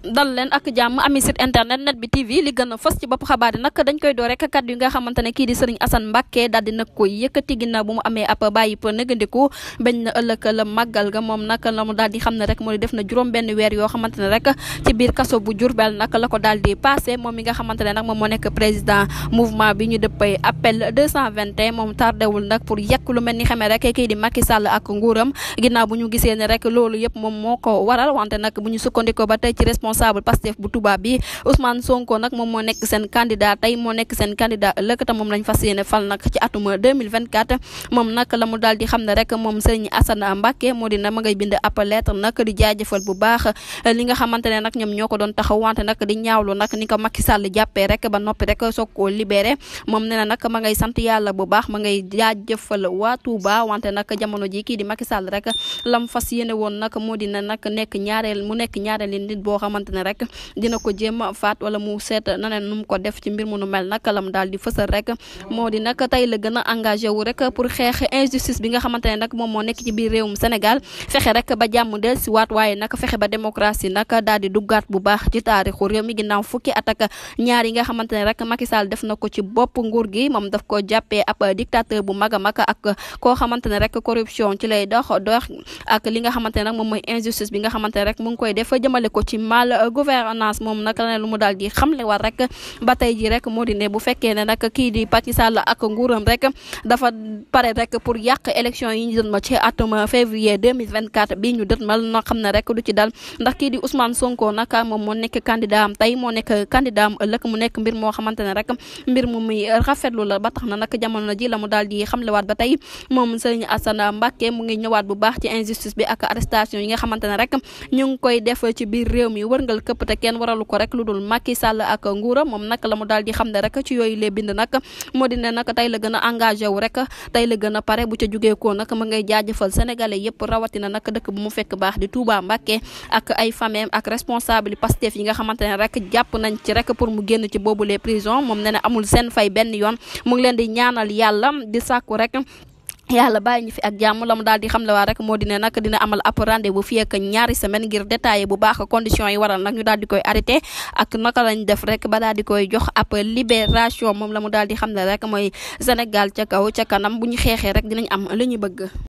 dal leen ak jàmm ami site internet net bi tv li gën a fës ci bopp xabaar yi nag dañ koy door rek kàddu yi nga xamante kii di sëriñ Assane Mbacke daal di nag koy yëkkati ginnaaw bu mu amee ab bàyyi pa nëgandiku bañ na ëllëg la màggal ga moom nag la mu daal di xam ne rek moo di def na juróom benn weer yoo xamante ne rek ci biir kaso bu Jurbel nag la ko daal di passé moom mi nga xamante ne nag moom moo nekk président mouvement bi ñu dëppay appel 221 moom tardewul nag pour yekk responsable Pastef bu tubaab bi Ousmane Sonko nag moom moo nekk seen candidat tey moo nekk seen candidat ëllëg te moom lañ fas yéene di xam ne rek moom Serigne Assane Mbacké moo di jaajëfal bu baax li rek ba noppi rek soog libéré moom nee na ma ngay sant bu baax ma ngay jaajëfal waa Touba wante nag jamono ji di Macky Sall rek lam fas yéene woon nag moo dina nag nekk ñaareel mu nekk ñaareel nit boo xamante xamante ne rek dina ko jéem a faat wala mu seet naneen nu mu ko def ci mbir mu nu mel nag lam daal di fësal rek moo di nag tey la a engagé wu rek pour xeex injustice bi nga xamante rek ba jàmm del si waat waaye di duggaat bu baax ci taarixu réew mi ginnaaw fukki at ak ñaar yi nga xamante ne rek Macky Sall def na ko ci bopp nguur gi moom daf ko jàppee ab dictateur bu mag a mag ak koo xamante ne rek corruption ci lay dox dox ak li nga xamante ne moom mooy injustice bi nga xamante rek mu koy def jëmale ko ci mal wàll euh, gouvernance moom nag la ne lu mu daal di xamle war rek ba ji rek moo di ne bu fekkee ne nag kii di Macky Sall nguuram rek dafa pare rek pour yàq élection yi ñu dën ma ci atum février 2024 bi ñu dët mal na xam ne rek du ci dal ndax kii di Ousmane Sonko nag moom moo nekk candidat am tey moo nekk candidat am ëllëg mu nekk mbir moo xamante ne rek mbir mu muy lu la ba tax na nag jamono ji la mu daal di xamlewaat ba tey moom Serigne Assane Mbacké mu ngi ñëwaat bu baax ci injustice bi ak arrestation yi nga xamante ne rek ñu ngi koy def ci wërngal këpp te kenn waralu ko rek lu dul Macky Sall ak nguuram moom nag la mu daal di xam ne rek ci yooyu lee bind nag moo di ne nag la gën a engagé wu rek tey la gën a pare bu ca jugeekoo nag mu ngay jaajëfal sénégalais yëpp rawatina nag dëkk bu mu fekk baax di Touba Mbacké ak ay famem ak responsable Pastef yi nga xamante ne rek jàpp nañ ci rek pour mu génn ci boobu les prison moom ne ne amul seen fay benn yoon mu ngi leen di ñaanal yàlla di sàkku rek yàlla bàyyi ñu fi ak jàmm la mu daal di xam la waa rek moo di ne nag dina amal ab rendez-vous fii ak ñaari semaine ngir détaillé bu baax conditions yi waral nag ñu daal di koy arrêté ak naka lañ def rek ba daal di koy jox ab libération moom la mu daal di xam ne rek mooy Sénégal ca kaw ca kanam bu ñu xeexee rek dinañ am li ñu bëgg